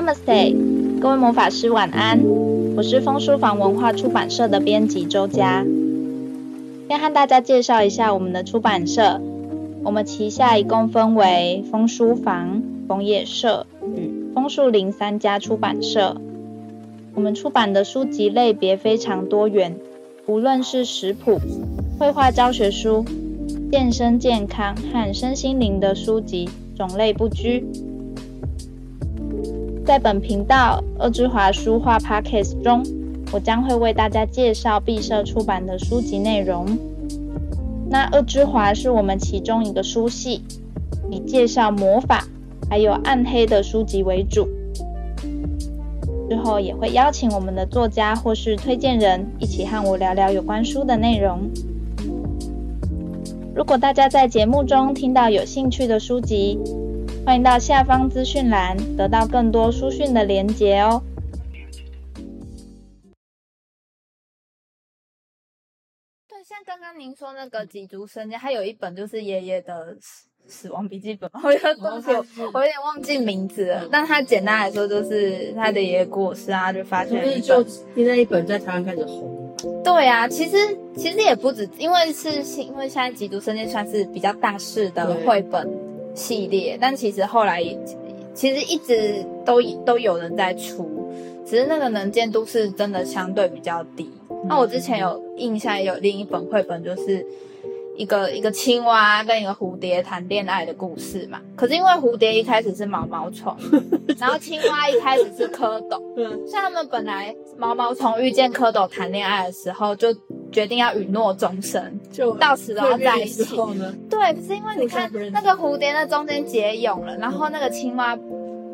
Namaste，各位魔法師晚安。我是楓書坊文化出版社的編輯周佳。先和大家介紹一下我們的出版社。我們旗下一共分為楓書坊、楓葉社與楓樹林三家出版社。我們出版的書籍類別非常多元，無論是食譜、繪畫教學書、健身健康和身心靈的書籍，種類不拘。在本頻道“惡之華書話 Podcast 中，我將會為大家介紹敝社出版的書籍內容。那惡之華是我們其中一個書系，以介紹魔法還有暗黑的書籍為主。之後也會邀請我們的作家或是推薦人一起和我聊聊有關書的內容。如果大家在節目中聽到有興趣的書籍，歡迎到下方資訊欄，得到更多書訊的連結哦。對，像剛剛您說那個吉竹伸介，它有一本就是《爺爺的死亡筆記本》我，我有點我有點忘記名字了。嗯、但它簡單來說，就是他的爺爺過世啊，嗯、就發現。一本現在一本在台灣開始紅。對啊，其實其實也不止，因為是因為現在《吉竹伸介》算是比較大勢的繪本。系列，但其實後來也，其實一直都都有人在出，只是那個能見度是真的相對比較低。嗯、那我之前有印象，有另一本繪本，就是一個一個青蛙跟一個蝴蝶談戀愛的故事嘛。可是因為蝴蝶一開始是毛毛蟲， 然後青蛙一開始是蝌蚪， 像他們本來毛毛蟲遇見蝌蚪談戀愛的時候就。決定要允諾終生，就到死都要在一起。對，可是因為你看那個蝴蝶在中間結蛹了，然後那個青蛙，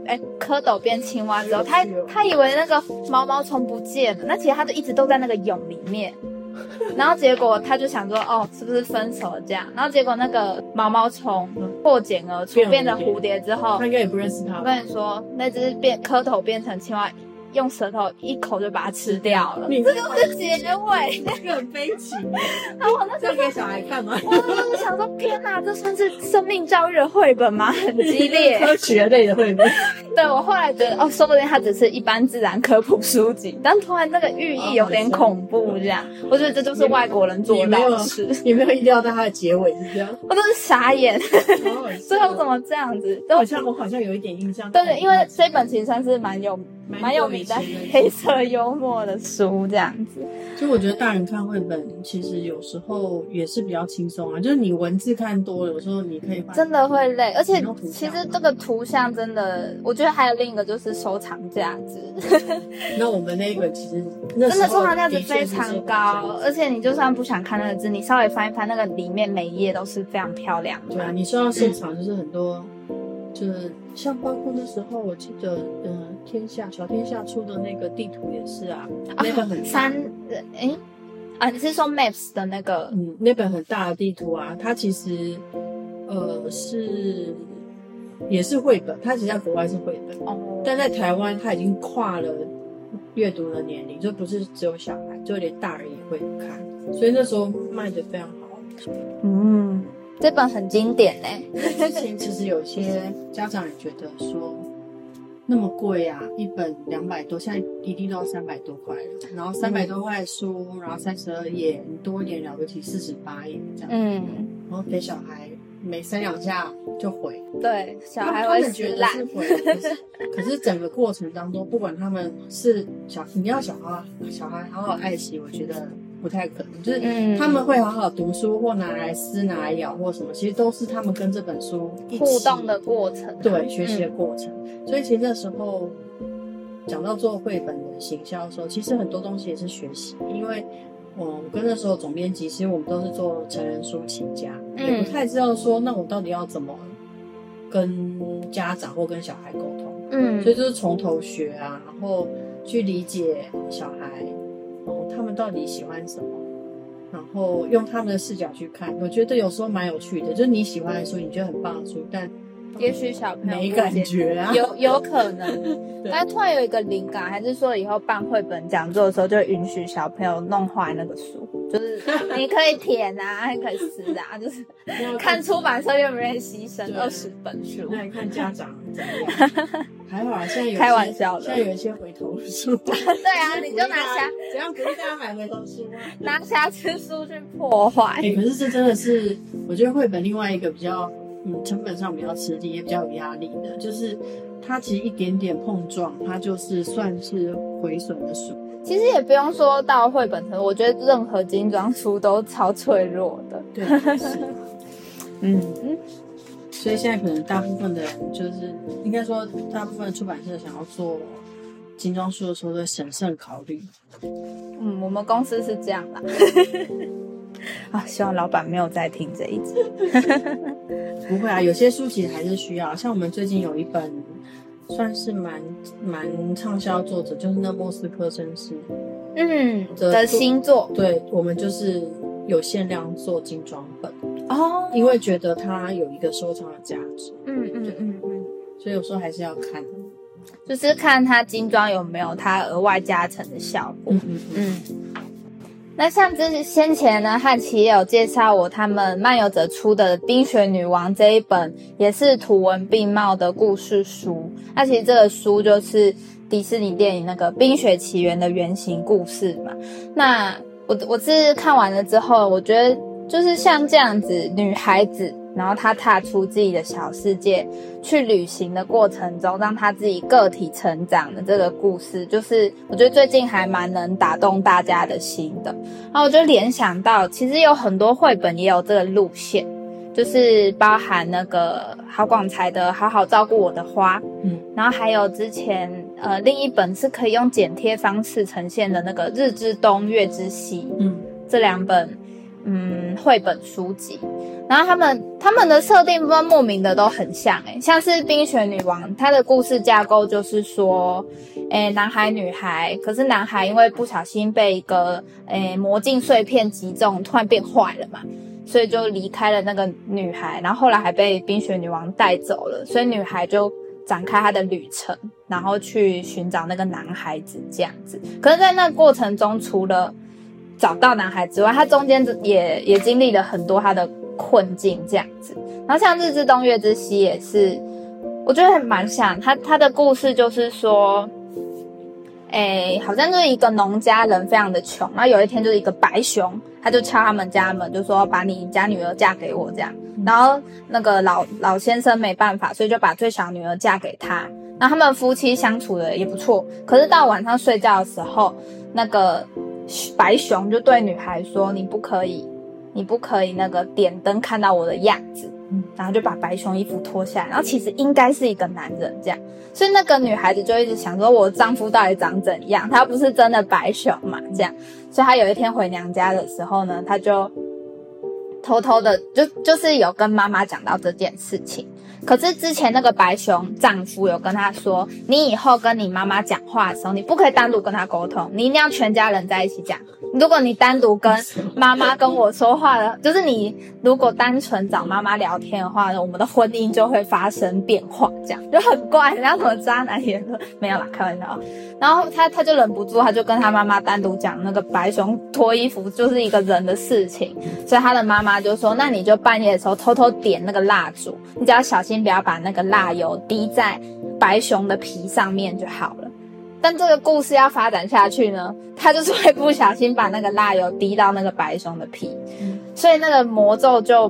哎、欸，蝌蚪變青蛙之後，哦、他他以為那個毛毛蟲不見了，那其實他就一直都在那個蛹裡面。 然後結果他就想說，哦，是不是分手了這樣？然後結果那個毛毛蟲破繭而出變，變成蝴蝶之後，他應該也不認識他、嗯。我跟你說，那隻變，蝌蚪變成青蛙。用舌頭一口就把它吃掉了，你這就是結尾，這 個很悲情。他 往那時候給小孩幹嘛？我就是想說， 天吶，這算是生命教育的繪本嗎？很激烈，是科學類的繪本。 對，我後來覺得，哦，說不定他只是一般自然科普書籍、哦，但突然那個寓意有點恐怖這、哦，這樣。我覺得這就是外國人做的也沒有吃，你沒有一定要在它的結尾是這樣。 我都是傻眼，最 後、哦、好 怎麼這樣子？好像，好像我好像有一點印象。對，嗯、對，因為這本其實算是蠻有。蠻有名的黑色幽默的書，這樣子。其實我覺得大人看繪本，其實有時候也是比較輕鬆啊。就是你文字看多了，有時候你可以真的會累，而且其實這個圖像真的，我覺得還有另一個就是收藏價值。那我們那個其實真的收藏價值非常高，而且你就算不想看那個字，你稍微翻一翻那個裡面每一頁都是非常漂亮的。對啊，你收到收藏就是很多。就像包括那時候，我記得，嗯，天下小天下出的那個地圖也是啊，那本很大，啊，三，誒、欸，啊，你是說 Maps 的那個？嗯，那本很大的地圖啊，它其實，呃，是也是繪本，它其實在國外是繪本，哦，但在台灣它已經跨了閱讀的年齡，就不是只有小孩，就連大人也會看，所以那時候賣的非常好。嗯。這本很經典呢、欸。之前其實有些家長也覺得說，那麼貴啊，一本兩百多，現在一定都要三百多塊了。然後三百多塊書，然後三十二頁多一點了不起，四十八頁這樣。嗯。然後陪小孩沒三兩下就毀。對，小孩會撕爛。覺得是毀 可是整個過程當中，不管他們是小，你要小孩小孩好好愛惜，我覺得。不太可能，就是他們會好好讀書，或拿來撕，拿來咬，或什麼，其實都是他們跟這本書互動的過程、啊，對學習的過程、嗯。所以其實那時候講到做繪本的行銷的時候，其實很多東西也是學習，因為我們跟那時候總編輯，其實我們都是做成人書起家、嗯，也不太知道說那我到底要怎麼跟家長或跟小孩溝通，嗯，所以就是從頭學啊，然後去理解小孩，他們到底喜歡什麼？然後用他們的視角去看，我覺得有時候蠻有趣的。就是你喜歡的書，你覺得很棒的書，但、嗯、也許小朋友沒感覺，啊，有有可能。 但突然有一個靈感，還是說以後辦繪本講座的時候，就允許小朋友弄壞那個書。就是你可以舔啊， 還可以撕啊，就是看出版社願不願意犧牲二十本書，那你看家長怎麼樣？ 還好啊，現在有些開玩笑的，現在有一些回頭書。 對啊，你就拿蝦， 只要可以再買回頭書 拿瑕疵書去破壞。欸，可是這真的是，我覺得繪本另外一個比較，嗯，成本上比較吃力，也比較有壓力的，就是。它其實一點點碰撞，它就是算是毀損的書。其實也不用說到繪本書，我覺得任何精裝書都超脆弱的。對，嗯，所以現在可能大部分的人，就是應該說大部分的出版社想要做精裝書的時候，會審慎考慮。嗯，我們公司是這樣啦啊， 希望老闆沒有在聽這一集。 不會啊，有些書其實還是需要，像我們最近有一本。算是蠻蠻暢銷的作者，就是那莫斯科紳士，嗯，的新作，對，我們就是有限量做精裝本哦，因為覺得它有一個收藏的價值，嗯嗯嗯，所以有時候還是要看，就是看它精裝有沒有它額外加成的效果，嗯。嗯嗯嗯那像之前呢，漢琦也有介紹我他們漫遊者出的《冰雪女王》這一本，也是圖文並茂的故事書。那其實這個書就是迪士尼電影那個《冰雪奇緣》的原型故事嘛。那我我是看完了之後，我覺得就是像這樣子，女孩子。然後他踏出自己的小世界去旅行的過程中，讓他自己個體成長的這個故事，就是我覺得最近還蠻能打動大家的心的。然後我就聯想到，其實有很多繪本也有這個路線，就是包含那個郝廣才的《好好照顧我的花》，嗯，然後還有之前呃另一本是可以用剪貼方式呈現的那個《日之冬，月之西》，嗯，這兩本嗯繪本書籍。然後他們他們的設定部分莫名的都很像哎，像是《冰雪女王》，她的故事架構就是說，哎，男孩女孩，可是男孩因為不小心被一個哎魔鏡碎片擊中，突然變壞了嘛，所以就離開了那個女孩，然後後來還被冰雪女王帶走了，所以女孩就展開她的旅程，然後去尋找那個男孩子這樣子。可是，在那過程中，除了找到男孩之外，她中間也也經歷了很多他的。困境這樣子，然後像《日之東，月之西》也是，我覺得還蠻像。他他的故事就是說，哎，好像就是一個農家人非常的窮，然後有一天就是一個白熊，他就敲他們家門，就說把你家女兒嫁給我這樣。然後那個老老先生沒辦法，所以就把最小女兒嫁給他。那他們夫妻相處的也不錯，可是到晚上睡覺的時候，那個白熊就對女孩說：“你不可以。”你不可以那個點燈看到我的樣子，然後就把白熊衣服脫下來，然後其實應該是一個男人這樣，所以那個女孩子就一直想說，我丈夫到底長怎樣？她不是真的白熊嘛，這樣，所以她有一天回娘家的時候呢，她就偷偷的就就是有跟媽媽講到這件事情。可是之前那個白熊丈夫有跟他說：“你以後跟你媽媽講話的時候，你不可以單獨跟她溝通，你一定要全家人在一起講。如果你單獨跟媽媽跟我說話的，就是你如果單純找媽媽聊天的話，我們的婚姻就會發生變化，這樣就很怪。你要怎麼渣男言論？沒有啦，開玩笑。然後他他就忍不住，他就跟他媽媽單獨講那個白熊脫衣服就是一個人的事情，所以他的媽媽就說：那你就半夜的時候偷偷點那個蠟燭，你只要小心。”先不要把那個蠟油滴在白熊的皮上面就好了。但這個故事要發展下去呢，他就是會不小心把那個蠟油滴到那個白熊的皮，所以那個魔咒就……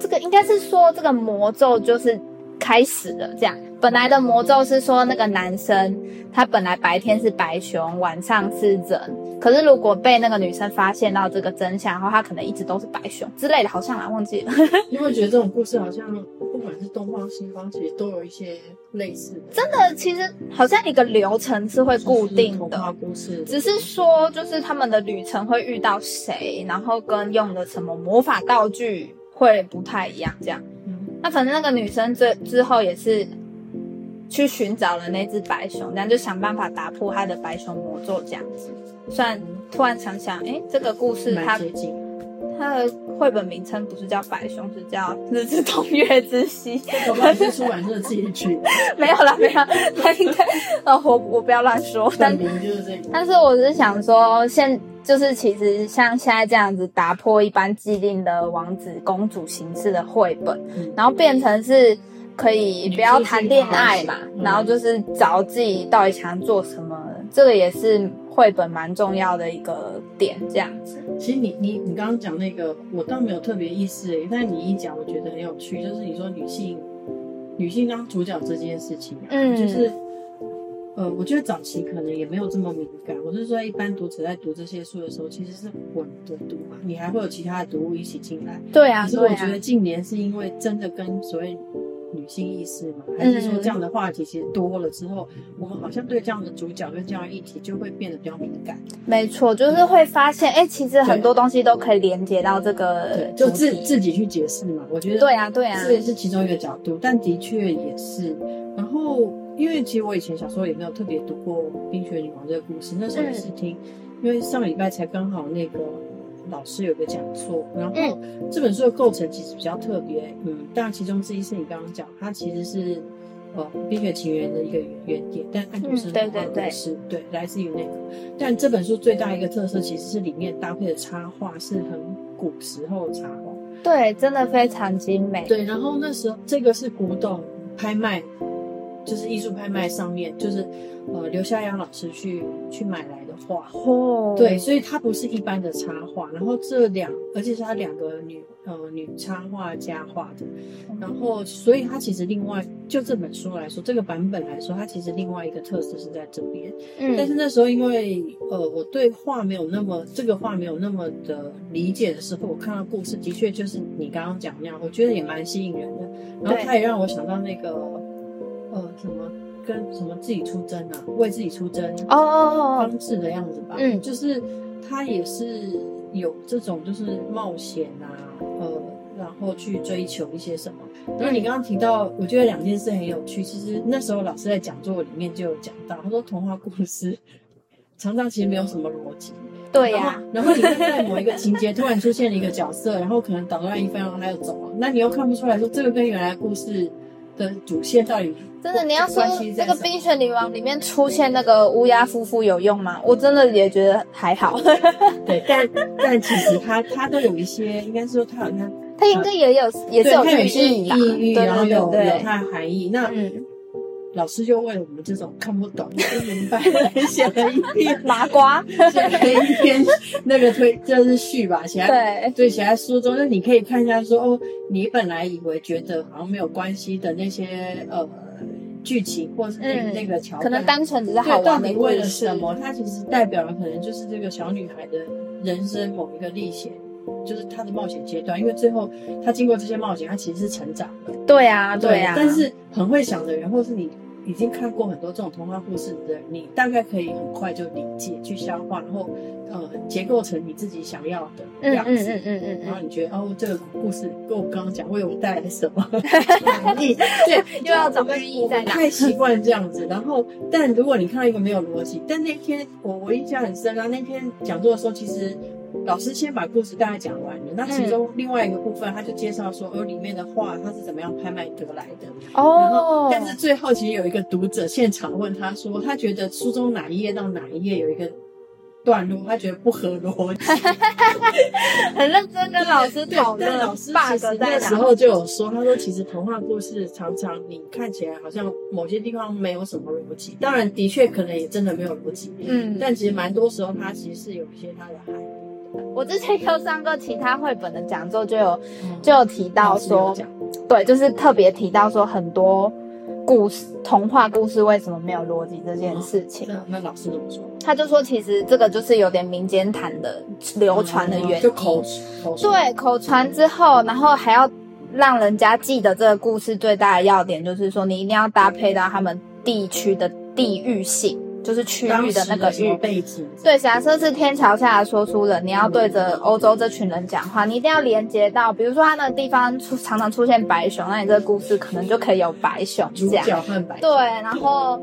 這個應該是說這個魔咒就是開始了這樣。本來的魔咒是說，那個男生他本來白天是白熊，晚上是人。可是如果被那個女生發現到這個真相，然後他可能一直都是白熊之類的，好像啊，忘記了。你會覺得這種故事好像，嗯、不管是東方西方，其實都有一些類似的。真的，其實好像一個流程是會固定的，就是，故事的，只是說就是他們的旅程會遇到誰，然後跟用的什麼魔法道具會不太一樣這樣，嗯。那反正那個女生最之後也是，去尋找了那隻白熊，然後就想辦法打破他的白熊魔咒，這樣子。雖然突然想想，哎、欸，這個故事它它的繪本名稱不是叫白熊，是叫《日之東月之西》。寶寶在書館認識一句，沒有啦，沒有啦，他應該、 哦、我我不要亂說。但名就是、這個、但是我是想說，現就是其實像現在這樣子，打破一般既定的王子公主形式的繪本，然後變成是。嗯嗯可以不要談戀愛嘛、嗯？然後就是找自己到底想做什麼，這個也是繪本蠻重要的一個點。這樣子，其實你你你剛剛講那個，我倒沒有特別意思、欸、但你一講，我覺得很有趣。就是你說女性女性當主角這件事情、啊，嗯，就是呃，我覺得早期可能也沒有這麼敏感。我是說，一般讀者在讀這些書的時候，其實是混着讀嘛，你還會有其他的讀物一起進來對、啊。對啊，可是我覺得近年是因為真的跟所謂。女性意識嘛，還是說這樣的話題其實多了之後，嗯、我們好像對這樣的主角跟這樣的議題就會變得比較敏感。沒錯，就是會發現，哎、嗯欸，其實很多東西都可以連接到這個對，就自自己去解釋嘛。我覺得，對啊，對啊，這也是其中一個角度，但的確也是。然後，因為其實我以前小時候也沒有特別讀過《冰雪女王》這個故事，嗯、那時候也是聽，因為上禮拜才剛好那個。老師有個講錯，然後這本書的構成其實比較特別，嗯，嗯，但其中之一是你剛剛講，它其實是呃《冰雪奇緣》的一個原點，但安徒、嗯、對，對對、的、呃、老對來自於那個，但這本書最大一個特色其實是裡面搭配的插畫是很古時候的插畫，對，真的非常精美，嗯。對，然後那時候這個是古董拍賣，就是藝術拍賣上面，就是呃劉夏陽老師去去買來。畫哦，對，所以它不是一般的插畫，然後這兩，而且是它兩個女，呃，女插畫家畫的，然後所以它其實另外就這本書來說，這個版本來說，它其實另外一個特色是在這邊。嗯，但是那時候因為呃，我對畫沒有那麼，這個畫沒有那麼的理解的時候，我看到故事的確就是你剛剛講那樣，我覺得也蠻吸引人的，然後它也讓我想到那個，呃，什麼？跟什麼自己出征啊，為自己出征哦，方式的樣子吧。嗯、oh, oh,，oh, oh. 就是他也是有這種，就是冒險啊，呃，然後去追求一些什麼。那你剛剛提到，我覺得兩件事很有趣。其、就、實、是、那時候老師在講座裡面就有講到，他說童話故事常常其實沒有什麼邏輯。對呀、啊，然後你在某一個情節 突然出現了一個角色，然後可能搗亂一番，然後他又走了、啊，那你又看不出來，說這個跟原來的故事。的主線在於，真的？你要說那個《冰雪女王》裡面出現那個烏鴉夫婦有用嗎？我真的也覺得還好。 對， 但但其實它它都有一些， 應該說它好像，它應該也有、呃、也是有寓意的，對對對，有它、啊啊、的含義。那。嗯老師就為了我們這種看不懂、不明白，寫了一篇 麻瓜，寫 了一篇那個推，就是序吧，寫在對寫在書中。那你可以看一下說，說哦，你本來以為覺得好像沒有關係的那些呃劇情，或者是那,那個橋段、嗯，可能單純只是好玩的。到底為了什麼？它其實代表了，可能就是這個小女孩的人生某一個歷險，就是她的冒險階段。因為最後她經過這些冒險，她其實是成長的。對呀、啊，對呀、啊。但是很會想的人，或是你。已經看過很多這種童話故事的人，你大概可以很快就理解、去消化，然後呃，結構成你自己想要的樣子。嗯嗯，然後你覺得哦、喔，這個故事跟我剛剛講，為我帶來什麼意義？對，又要找個意義在哪？太習慣這樣子。然後，但如果你看到一個沒有邏輯，但那天我我印象很深啊，那天講座的時候，其實。老師先把故事大概講完了，那其中另外一個部分，嗯、他就介紹說，哦，裡面的話他是怎麼樣拍賣得來的。哦。然後，但是最後其實有一個讀者現場問他說，他覺得書中哪一頁到哪一頁有一個段落，他覺得不合邏輯。 很認真跟老師討論。對，對，但老師其實那時候就有說，他說其實童話故事常常你看起來好像某些地方沒有什麼邏輯，當然的確可能也真的沒有邏輯，嗯。但其實蠻多時候，它其實是有一些它的含義。我之前有上過其他繪本的講座，就有、嗯、就有提到說，對，就是特別提到說很多故事童話故事為什麼沒有邏輯這件事情、嗯啊。那老師怎麼說？他就說，其實這個就是有點民間談的流傳的原因、嗯嗯，就口傳。對，口傳之後，然後還要讓人家記得這個故事最大的要點，就是說你一定要搭配到他們地區的地域性。就是區域的那個背景，對，假設是天橋下來說出的，你要對着歐洲這群人講話，你一定要連接到，比如說他那個地方出常常出現白熊，那你這個故事可能就可以有白熊、嗯、這樣白熊，對，然後。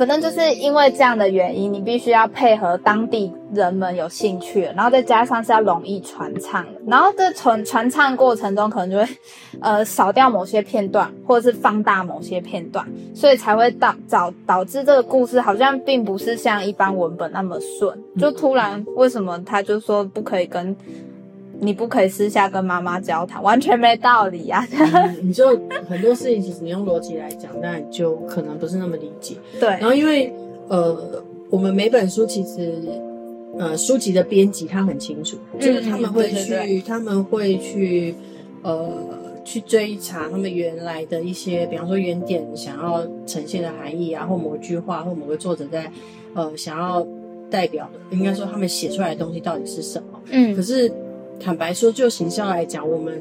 可能就是因為這樣的原因，你必須要配合當地人們有興趣，然後再加上是要容易傳唱的，然後這傳傳唱過程中可能就會，呃，少掉某些片段，或者是放大某些片段，所以才會導導導致這個故事好像並不是像一般文本那麼順，就突然為什麼他就說不可以跟。你不可以私下跟媽媽交談，完全沒道理啊、嗯！你就很多事情其實你用邏輯來講， 那你就可能不是那麼理解。對。然後因為呃，我們每本書其實呃，書籍的編輯他很清楚，就是他們會去，嗯、對對對他們會去呃，去追查他們原來的一些，比方說原點想要呈現的含義啊，或某句話，或某個作者在呃想要代表的，應該說他們寫出來的東西到底是什麼？嗯。可是。坦白說，就行銷來講，我們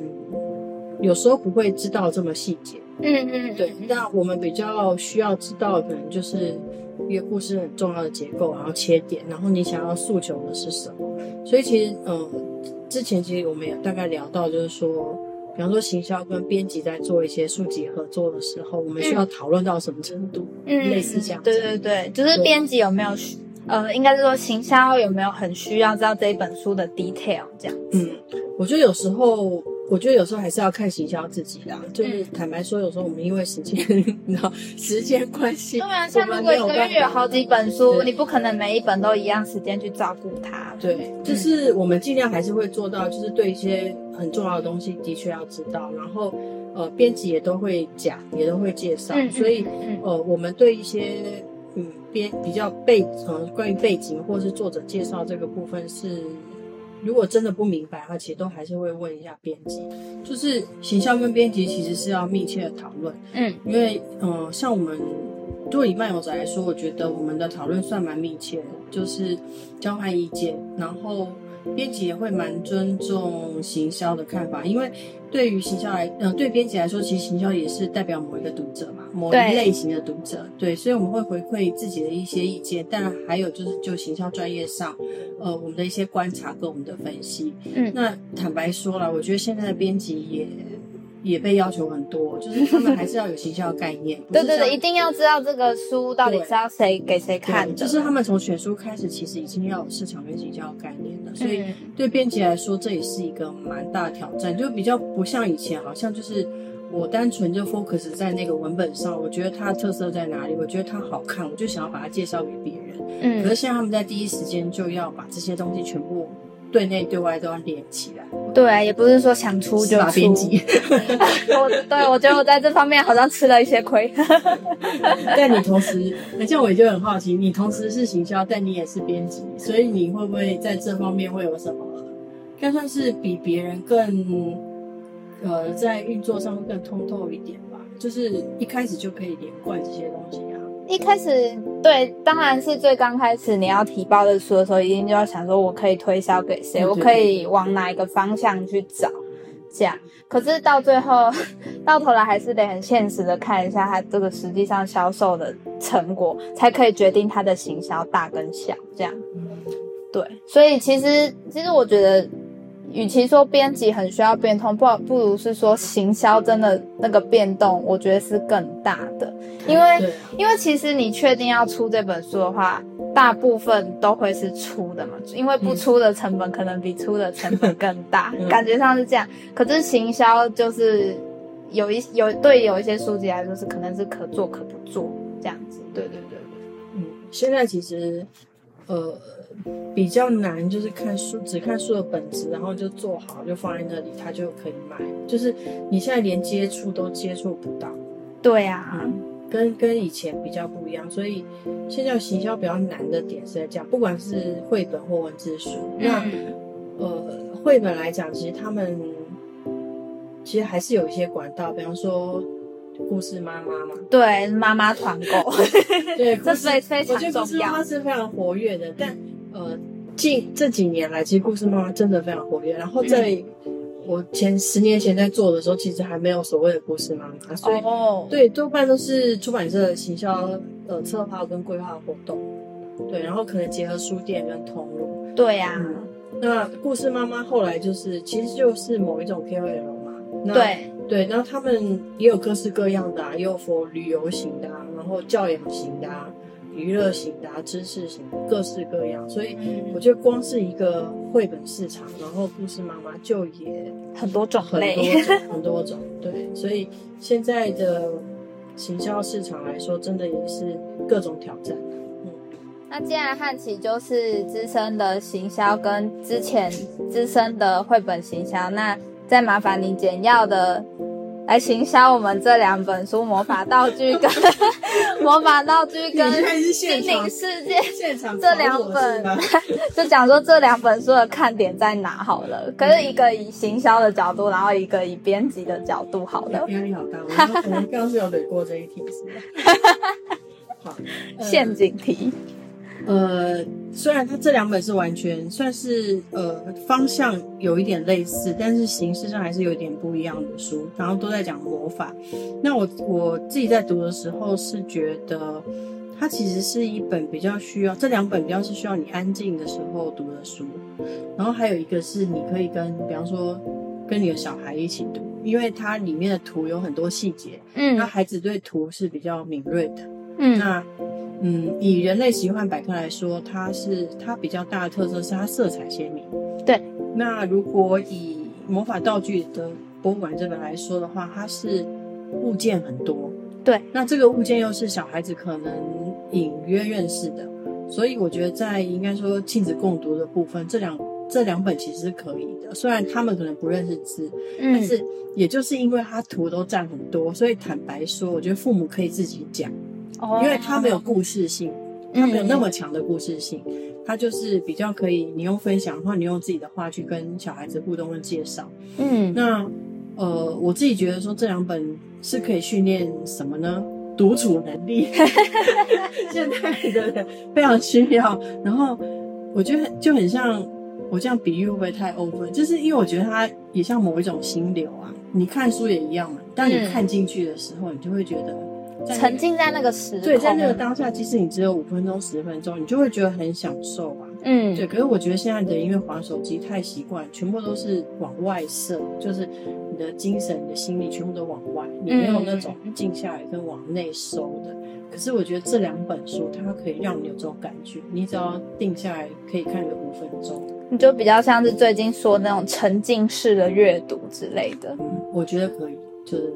有時候不會知道這麼細節。嗯嗯，對。那我們比較需要知道的，可能就是一個故事很重要的結構，然後切點，然後你想要訴求的是什麼。所以其實，嗯，之前其實我們也大概聊到，就是說，比方說行銷跟編輯在做一些書籍合作的時候，我們需要討論到什麼程度，嗯、類似這樣、嗯嗯。對對對，就是編輯有沒有？嗯呃，應該是說，行銷有沒有很需要知道這一本書的 detail 這樣子？嗯，我覺得有時候，我覺得有時候還是要看行銷自己啦、啊。就是坦白說、嗯，有時候我們因為時間，你知道，時間關係，對、嗯、啊，像如果一個月有好幾本書，你不可能每一本都一樣時間去照顧它，對。對，就是我們儘量還是會做到，就是對一些很重要的東西的確要知道。然後，呃，編輯也都會講，也都會介紹、嗯嗯嗯嗯。所以，呃，我們對一些。編比較背，嗯、呃，關於背景或是作者介紹這個部分是，如果真的不明白的話，其實都還是會問一下編輯。就是行銷跟編輯其實是要密切的討論，嗯，因為，嗯、呃，像我們，就以漫遊者來說，我覺得我們的討論算蠻密切的，就是交換意見，然後編輯也會蠻尊重行銷的看法，因為。對於行銷來，嗯、呃，對編輯來說，其實行銷也是代表某一個讀者嘛，某一類型的讀者。對，對，所以我們會回饋自己的一些意見，但還有就是就行銷專業上，呃，我們的一些觀察跟我們的分析。嗯，那坦白說了，我覺得現在的編輯也。也被要求很多，就是他們還是要有行銷的概念。 對對對，一定要知道這個書到底是要誰給誰看的。就是他們從選書開始，其實已經要有市場跟行銷的概念的。所以對編輯來說，這也是一個蠻大挑戰。嗯，就比較不像以前，好像就是我單純就 focus 在那個文本上，我覺得它的特色在哪裡，我覺得它好看，我就想要把它介紹給別人。嗯。可是現在他們在第一時間就要把這些東西全部。對內對外都要連起來，對啊，也不是說想出就打編輯 我，對，我覺得我在這方面好像吃了一些虧。 但你同時，而且我也就很好奇，你同時是行銷，但你也是編輯，所以你會不會在這方面會有什麼？應該算是比別人更，呃，在運作上會更通透，透一點吧，就是一開始就可以連貫這些東西。一開始，對，當然是最剛開始你要提報的書的時候，一定就要想說我可以推銷給誰，我可以往哪一個方向去找，這樣。可是到最後，到頭來還是得很現實的看一下它這個實際上銷售的成果，才可以決定它的行銷大跟小。這樣，對，所以其實其實我覺得。與其說編輯很需要變通，不不如是說行銷真的那個變動，我覺得是更大的。因為因為其實你確定要出這本書的話，大部分都會是出的嘛，因為不出的成本可能比出的成本更大，嗯，感覺上是這樣。可是行銷就是有一有對有一些書籍來說是可能是可做可不做這樣子。對對對，對，嗯，現在其實。呃，比較難，就是看書，只看書的本子，然後就做好，就放在那裡，他就可以買。就是你現在連接觸都接觸不到。對啊，嗯、跟跟以前比較不一樣，所以現在行銷比較難的點是在這樣，不管是繪本或文字書，嗯、那呃，繪本來講，其實他們其實還是有一些管道，比方說。故事媽媽嘛，對，媽媽團購，媽媽 對，故事 這是非常重要。我覺得故事媽媽是非常活躍的，嗯、但呃，近這幾年來，其實故事媽媽真的非常活躍。然後在、嗯、我前十年前在做的時候，其實還沒有所謂的故事媽媽，所以、哦、對多半都是出版社的行銷呃策劃跟規劃活動，對，然後可能結合書店跟通路對呀、啊嗯，那故事媽媽後來就是，其實就是某一種 KOL 嘛那。對。對，那他們也有各式各樣的啊，也有佛旅遊型的，啊，然後教養型的，啊，娛樂型的，啊，知識型的，各式各樣。所以我覺得光是一個繪本市場，然後故事媽媽就也很多種，很多種類， 很多種。對，所以現在的行銷市場來說，真的也是各種挑戰。那既然漢琦就是資深的行銷，跟之前資深的繪本行銷，那再麻煩您簡要的來行銷我們這兩本書《魔法道具》跟 《魔法道具》跟《精靈世界》這兩本，就講說這兩本書的看點在哪好了。可是一個以行銷的角度，然後一個以編輯的角度好了。編 輯好大，我們剛剛是有得過這一題，是吧？好、呃、陷阱題。呃，雖然它這兩本是完全算是呃方向有一點類似，但是形式上還是有一點不一樣的書。然後都在講魔法。那我我自己在讀的時候是覺得，它其實是一本比較需要這兩本比較是需要你安靜的時候讀的書。然後還有一個是你可以跟，比方說跟你的小孩一起讀，因為它裡面的圖有很多細節，嗯，那孩子對圖是比較敏銳的，嗯，那。嗯，以人類奇幻百科來說，它是它比較大的特色是它色彩鮮明。對，那如果以魔法道具的博物館這本來說的話，它是物件很多。對，那這個物件又是小孩子可能隱約認識的，所以我覺得在應該說親子共讀的部分，這兩這兩本其實是可以的。雖然他們可能不認識字，嗯，但是也就是因為它圖都佔很多，所以坦白說，我覺得父母可以自己講。Oh, 因為它沒有故事性，嗯、它沒有那麼強的故事性、嗯，它就是比較可以你用分享的話，或你用自己的話去跟小孩子互動的介紹。嗯，那呃，我自己覺得說這兩本是可以訓練什麼呢？獨、嗯、處能力，現 在 的人非常需要。然後我覺得就很像我這樣比喻，會不會太 open，就是因為我覺得它也像某一種心流啊。你看書也一樣嘛，當你看進去的時候，你就會覺得。嗯沉浸在那個時、啊，對，在那個當下，即使你只有五分鐘、十分鐘，你就會覺得很享受啊。嗯，對。可是我覺得現在你的因為玩手機太習慣，全部都是往外射，就是你的精神、你的心理全部都往外，你沒有那種靜下來跟、嗯、往內收的、嗯。可是我覺得這兩本書它可以讓你有這種感覺，你只要定下來可以看一個五分鐘，你就比較像是最近說的那種沉浸式的閱讀之類的。嗯，我覺得可以，就是。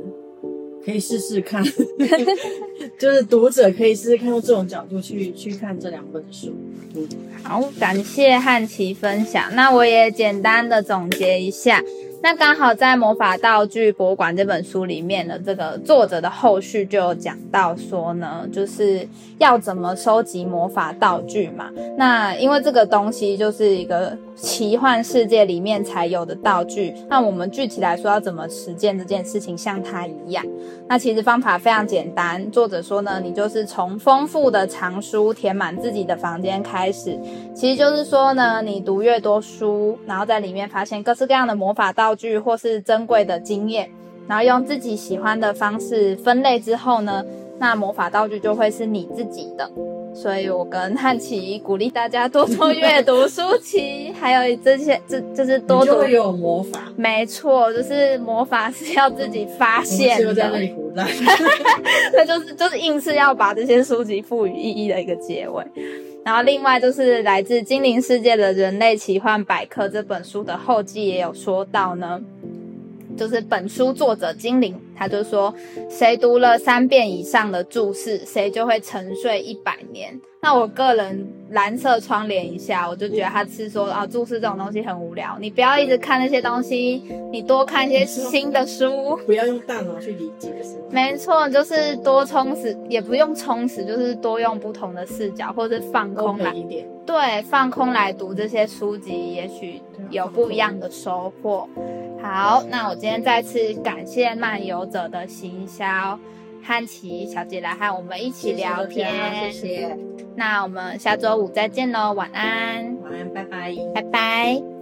可以試試看 ， 就是讀者可以試試看用這種角度去 去看這兩本書。嗯，好，感謝漢琪分享。那我也簡單的總結一下。那剛好在《魔法道具博物館》這本書裡面的這個作者的後續就有講到說呢，就是要怎麼收集魔法道具嘛。那因為這個東西就是一個。奇幻世界裡面才有的道具，那我們具體來說要怎麼實踐這件事情？像它一樣，那其實方法非常簡單。作者說呢，你就是從豐富的藏書填滿自己的房間開始，其實就是說呢，你讀越多書，然後在裡面發現各式各樣的魔法道具或是珍貴的經驗，然後用自己喜歡的方式分類之後呢，那魔法道具就會是你自己的。所以，我跟漢琦鼓勵大家多多閱讀書籍， 還有這些，這就是多多有魔法。沒錯，就是魔法是要自己發現的。就胡那, 那就是就是硬是要把這些書籍賦予意義的一個結尾。然後，另外就是來自精靈世界的人類奇幻百科這本書的後記也有說到呢。就是本書作者精靈，他就說，誰讀了三遍以上的注釋，誰就會沉睡一百年。那我個人藍色窗簾一下，我就覺得他是說啊，注釋這種東西很無聊，你不要一直看那些東西，你多看一些新的書，不要用大腦去理解的。 沒錯，就是多充實，也不用充實，就是多用不同的視角，或是放空來。多讀一點。對，放空來讀這些書籍，也許有不一樣的收穫。好，那我今天再次感謝漫遊者的行銷漢琦小姐來和我們一起聊天，謝謝。謝謝啊、謝謝。那我們下周五再見嘍，晚安。晚安，拜拜。拜拜。